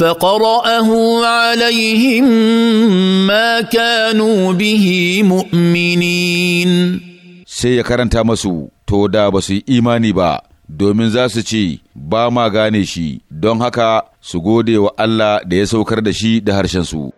فقراه عليهم ما كانوا به مؤمنين sai ya karanta masu to da ba su yi imani ba domin za su ce ba ma gane shi don haka su gode wa Allah da ya saukar da shi da harshensu.